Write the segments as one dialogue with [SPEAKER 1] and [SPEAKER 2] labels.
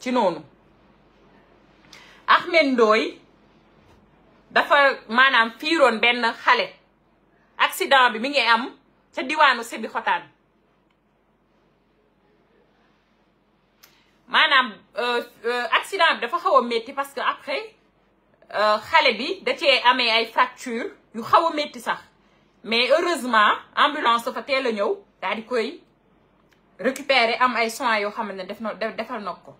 [SPEAKER 1] ci noonu Ahmed Ndoye dafa maanaam fiiroon benn xale accident bi mi ngi am ca diwaanu Sébi Xotaan maanaam euh, euh, accident bi dafa xaw a métti parce que après euh, xale bi da cee amee ay fracture yu xaw a métti sax mais heureusement ambulance dafa teel a ñëw daal di koy récupérer am ay soins yoo xam ne def na defal na ko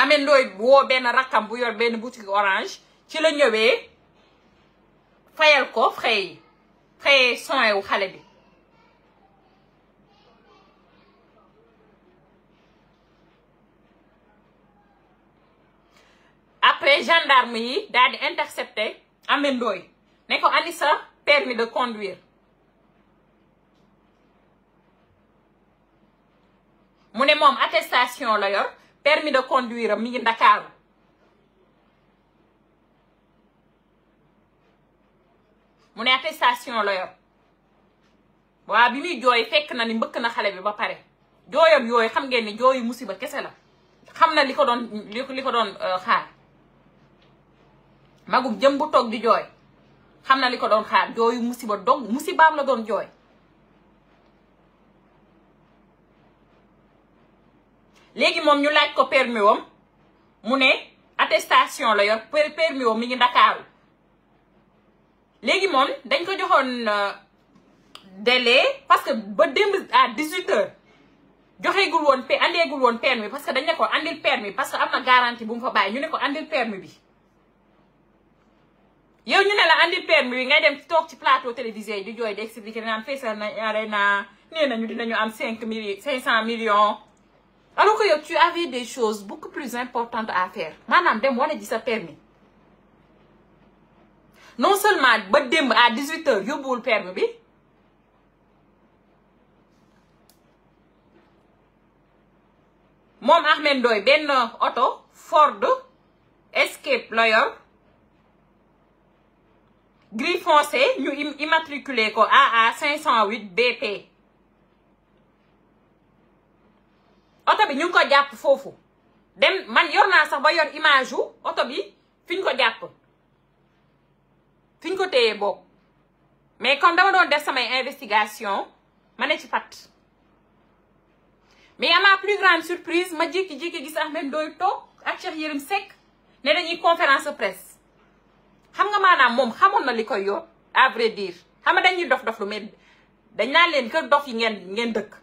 [SPEAKER 1] Ameth Ndoye woo benn rakkam bu yor benn boutique orange ci la ñëwee fayal ko frais frais soin wu xale bi après gendarme yi daal di intercepté Ameth ne ko andi sa permis de conduire mu ne moom attestation la yor permis de conduire am mi ngi Dakar mu ne attestation la yor waaw bi muy jooy fekk na ni mbëkk na xale bi ba pare jooyam yooyu xam ngeen ni jooyu musiba kese la xam na li ko doon li ko doon euh, xaar magum jëm bu toog di jooy xam na li ko doon xaar jooyu musiba dog musibaam la doon jooy léegi moom ñu laaj ko permis wam mu ne attestation la yor permis wam mi ngi ndakaaru léegi moom dañ ko joxoon euh, délai parce que ba démb à 18 heures joxeegul woon pe andeegul woon permis parce que dañ ne ko andil permis parce que am na garantie bu mu fa bàyyi ñu ne ko andil permis bi yow ñu ne la andil permis bi ngay dem toog ci plateau télévisé yi di jooy di expliqué naan feesal na are naa nee nañu dinañu am cinq mille cinq cent millions alors que yow tu avais des choses beaucoup plus importantes à faire maanaam dem wane ji sa permis non seulement ba démb à 18 heures yóbbuwul permis bi moom Ahmed Ndoye benn oto Ford Escape la yor gris ñu immatriculé ko AA 508 BP bi ñu ngi ko jàpp foofu dem man yor naa sax ba yor image wu oto bi fi ñu ko jàpp fi ñu ko téyee boog mais comme dama doon def samay investigation ma ne ci fat mais à ma plus grande surprise ma jékki-jékki gis Ahmed Ndoye toog ak Cheikh Yérim Seck ne dañuy conférence de xam nga maanaam moom xamoon na li koy yor à diir xam nga dañuy dof dof lu mel dañ naa leen kër dof yi ngeen ngeen dëkk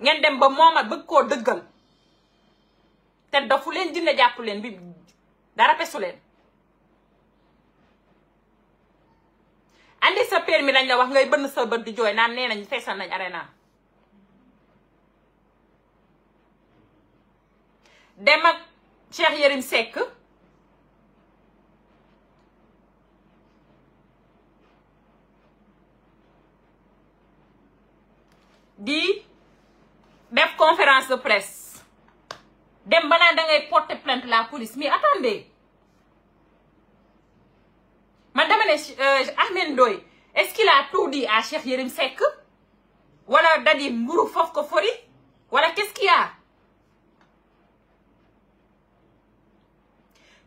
[SPEAKER 1] ngeen dem ba mooma bëgg koo dëggal te dafu leen jinne jàpp leen bi dara pesu leen andi sa permis lañ la wax ngay bënn sa bët di jooy naan nee nañ feesal nañ arena dem ak Cheikh Yérim Seck di def conférence de presse dem ba naan da ngay porter plainte la police mais attendez man dama ne euh, Ahmed Ndoye est-ce qu'il a tout dit à wala dadi mburu foofu ko fori wala quest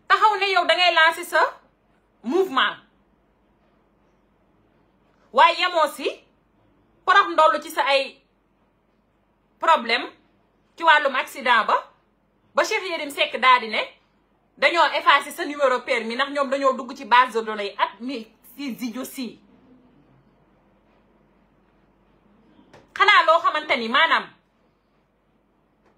[SPEAKER 1] taxaw ne yow da ngay sa mouvement waaye yemoo si porox ndollu ci sa ay problème ci wàllum accident ba ba Cheikh Yérim Seck daal di ne dañoo effacé sa numéro permis ndax ñoom dañoo dugg ci base de données yi at mi si zijo si xanaa loo xamante ni maanaam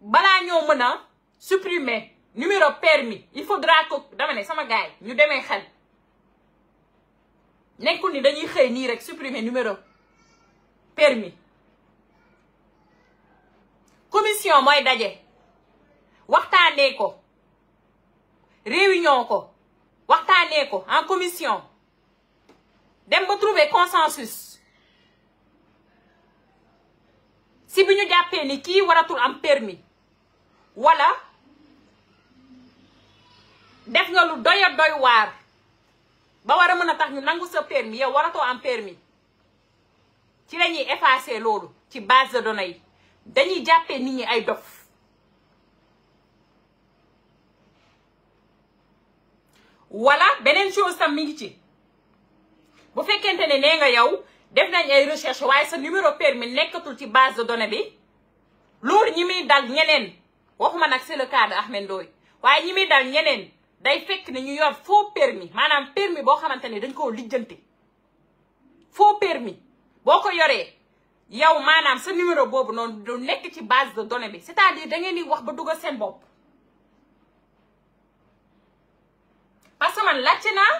[SPEAKER 1] balaa ñoo mën a supprimer numéro permis il faudra que dama ne sama gars yi ñu demee xel nekkul ni dañuy xëy nii rek supprimer numéro permis commission mooy daje waxtaanee ko réunion ko waxtaanee ko en commission dem ba trouver consensus si bi ñu jàppee ni kii waratul am permis wala def nga lu doy a doy waar ba war a mën a tax ñu nangu sa permis yow waratoo am permis ci lañuy ñuy loolu ci base de yi dañuy jàppee nit ñi ay dof wala beneen chose tam mi ngi ci bu fekkente ne nee nga yow def nañ ay recherche waaye sa numéro permis nekkatul ci base de données bi loolu ñi muy dal ñeneen waxuma nag c'est le cas de waaye ñi muy dal ñeneen day fekk ne ñu yor faux permis maanaam permis boo xamante ne dañ koo lijjanti faux permis boo ko yoree yow maanaam sa numéro boobu noonu du nekk ci base de données bi c'est-à-dire da wax ba dugga seen bopp que man naa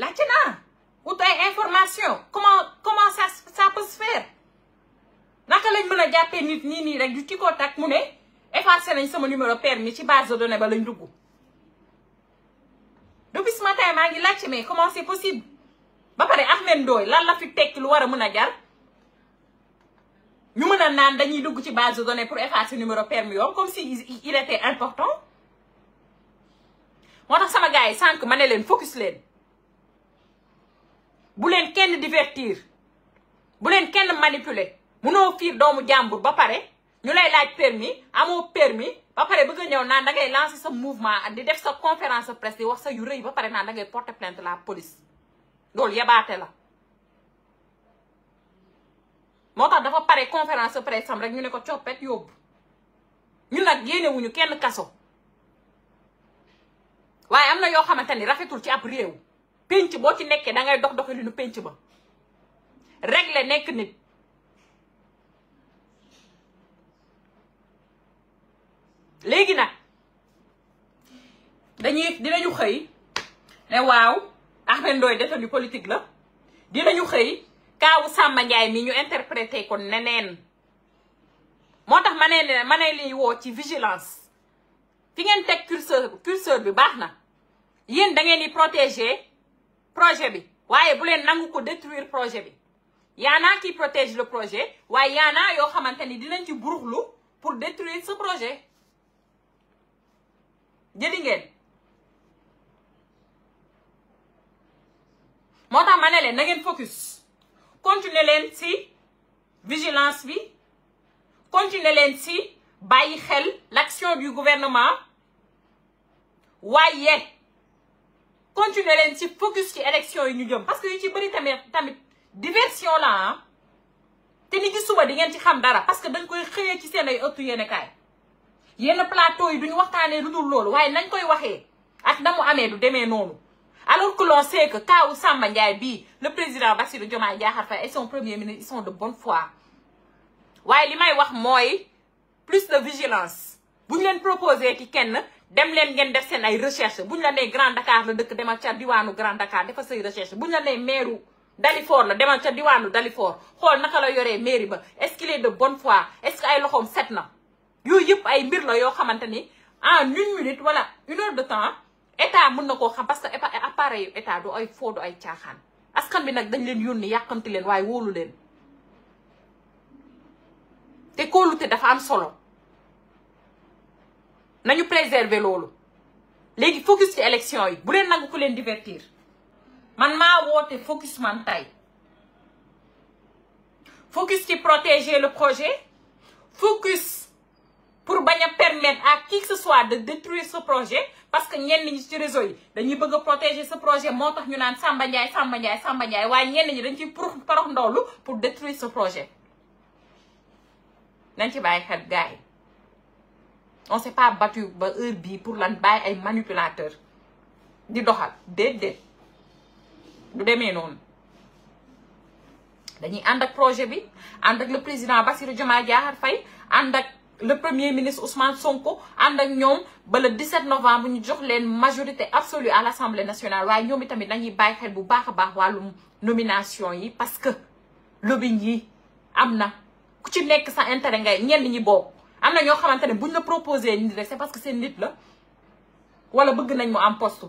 [SPEAKER 1] laajte naa ut ay information comment comment sa ça peut se naka lañ mën a jàppee nit ñi nii rek du ci ko tak mu ne effacé nañ sama numéro permis ci base de ba lañ dugg depuis matin maa ngi laajte mais comment c'est possible ba pare Ahmed Ndoye lan la fi tekki lu war a mën a jar ñu mën a naan dañuy dugg ci base de données pour effacer numéro permis yoom comme si il était important moo tax sama gars yi sànq ma ne leen focus leen bu leen kenn divertir bu leen kenn manipuler munoo fiir doomu jàmbur ba pare ñu lay laaj permis amoo permis ba pare bëgg a ñëw naan da ngay lancer sa mouvement di def sa conférence presque presse di wax sa yu rëy ba pare naa da ngay porter plainte la police loolu yabaate la. moo tax dafa pare conférence de sam am rek ñu ne ko coppet yóbbu ñu nag yéenewuñu kenn kaso. waaye am na yoo xamante ni rafetul ci ab réew pénc boo ci nekkee da ngay dox doxalinu pénc ba régler nekk nit léegi nag dañuy dinañu xëy ne waaw Ahmed Ndoye détenu politique la dinañu xëy kaawu Samba Ndiaye mi ñu interprété ko neneen moo tax ma ne ma ne liy woo ci vigilance fi ngeen teg curseur bi baax na yéen da ngeen di protéger projet bi waaye bu leen nangu ko détruire projet bi yaanaa qui protège le projet waaye yaa naa yoo xamante ni dinañ ci buruxlu pour détruire ce projet jëli ngeen moo tax ma ne leen na ngeen focus continuer leen ci vigilance bi continuer leen ci bàyyi xel l'action du gouvernement waaye continuer leen ci focus ci élection yi ñu jëm parce que yu ci bëri tamit tamit diversion la ah te ni ci suba di ngeen ci xam dara parce que dañ koy xëyee ci seen ay ëttu yenn kaay yenn plateau yi duñu waxtaanee lu dul loolu waaye nañ koy waxee ak na amee du demee noonu alors que l'on sait que kaawu Samba bii le président Bassirou Diomaye Diakhar Faye et son premier ministre ils sont de bonne foi waaye li may wax mooy plus de vigilance bu ñu leen proposé ci kenn dem leen ngeen def seen ay recherche bu ñu la nee Grand Dakar la dëkk demal ca diwaanu Grand Dakar dafa say recherche bu ñu la nee meeru Dalifort la demal ca diwaanu Dalifort xool naka la yoree mairie ba est de bon fois est-ce que ay loxoom set na yooyu yëpp ay mbir la yoo xamante ni en une minute wala une heure de temps état mun na koo xam parce que appareil yu état du ay foo ay caaxaan askan bi nag dañ leen yoon ni yàqanti leen waaye wóolu leen te dafa am solo. nañu préserver loolu léegi focus ci élection yi bu leen nangu ku leen divertir man maa woote focus man tey focus ci protéger le projet focus pour bañ a permettre à qui que ce soit de détruire ce projet parce que ñenn ñi ci réseau yi dañuy bëgg a protéger ce projet moo tax ñu naan Samba Ndiaye Samba Ndiaye Samba waaye ñenn ñi dañ ciy pour parox ndoolu pour détruire ce projet nañ ci bàyyi xel gars on s'est pas battu ba heure bii pour lan bàyyi ay manipulateur di doxal déedéet du demee noonu dañuy ànd ak projet bi ànd ak le président Bassirou Diomaye Diakhar Faye ànd ak le premier ministre Ousmane Sonko ànd ak ñoom ba le 17 novembre ñu jox leen majorité absolue à l'Assemblée nationale waaye ñoom tamit dañuy bàyyi xel bu baax a baax wàllu nomination yi parce que lobbying yi am na ku ci nekk sa intérêt ngay ñenn ñi bokk. am na ñoo xamante ne buñ la proposé nit rek c'est parce que seen nit la wala bëgg nañ mu am poste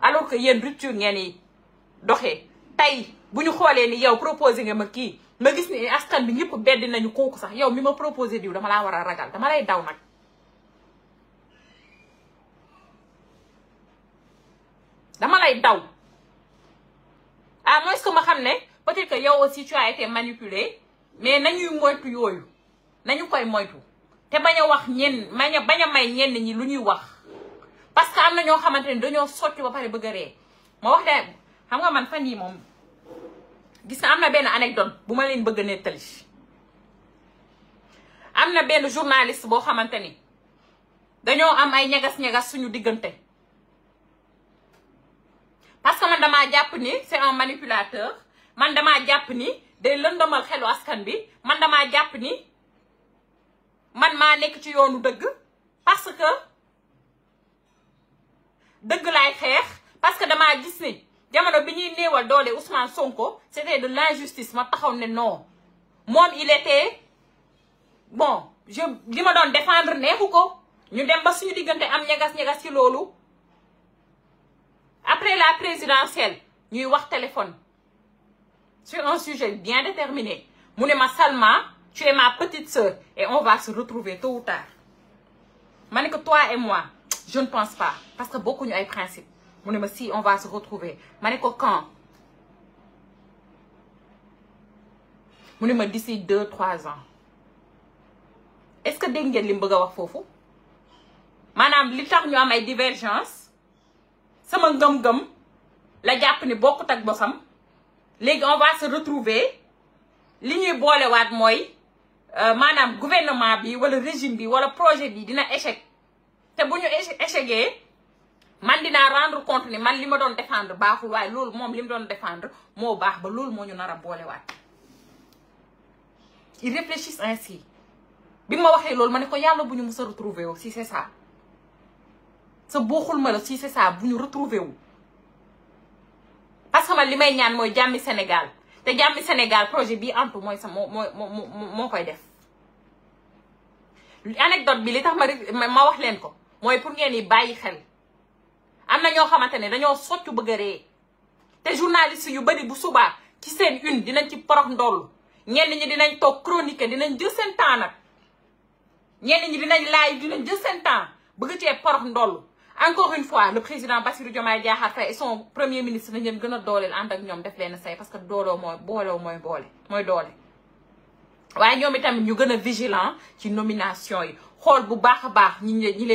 [SPEAKER 1] alors que yéen rupture ngee yi doxee tey bu ñu xoolee ni yow proposé nga ma kii ma gis ni askan bi ñëpp beddi nañu kooku sax yow mi ma proposé diw dama laa war a ragal dama lay daw nag dama lay daw à moins que ma xam ne peut-être que yow aussi tu as été manipulé mais nañuy moytu yooyu nañu koy moytu te bañ a wax ñenn mañ a bañ may ñenn ñi lu ñuy wax parce que am na ñoo xamante ne dañoo socc ba pare bëgg a ree ma wax de xam nga man fan yi moom gis na am na benn anecdote bu ma leen bëgg a nettali am na benn journaliste boo xamante ni dañoo am ay ñagas-ñagas suñu diggante parce man damaa jàpp ni c'est un manipulateur man dama jàpp ni day lëndëmal xelu askan bi man damaa jàpp ni man maa nekk ci yoonu dëgg parce que dëgg laay xeex parce que damaa gis ni jamono bi ñuy néewal doole Ousmane Sonko c'était de l'injustice ma taxaw ne non moom il était bon je li ma doon défendre neexu ko ñu dem ba suñu diggante am ñagas-ñagas ci loolu après la présidentielle ñuy wax téléphone sur un sujet bien déterminé mu ne ma Salma tu es ma petite sœur et on va se retrouver tôt ou tard ma ne ko toi et moi je ne pense pas parce que bokkuñu ay principe mu ne ma si on va se retrouver ma ne ko quand mu ne ma d'ici deux trois ans est-ce que dégg ngeen li mu bëgg a wax foofu maanaam li tax ñu am ay divergence sama ngëm-ngëm la jàpp ni bokkut ak bosam léegi on va se retrouver li ñuy boolewaat mooy Euh, maanaam gouvernement bi wala régime bi wala projet bi dina échec te bu ñu échecgee man dinaa rendre compte ni man li ma doon défendre baaxul waaye loolu moom li mu doon défendre moo baax ba loolu moo ñu nar a boolewaat ils réfléchissent ainsi bi ma waxee loolu ma ne ko yàlla bu ñu mës a retrouver wu si c'est ça sa booxul ma la si c'est ça bu ñu retrouver wu parce que man li may ñaan mooy jàmmi Sénégal te jàmmi Sénégal projet bii antu mooy sax moo moo moo koy def anecdote bi li tax ma ma wax leen ko mooy pour ngeen yi bàyyi xel am na ñoo xamante ne dañoo soccu bëgg a ree te journaliste yu bari bu subaa ci seen une dinañ ci porox ndollu ñenn ñi dinañ toog chronique dinañ jë seen temps nag ñenn ñi dinañ laay dinañ jël seen temps bëgg cee porox ndollu encore une fois le président Bassirou Diomaye Diakhar Faye et son premier ministre nañ leen a dooleel ànd ak ñoom def leen say parce que dooloo mooy booloo mooy boole mooy doole waaye ñoom itamit ñu gën a ci nomination yi xool bu baax a baax ñi ñi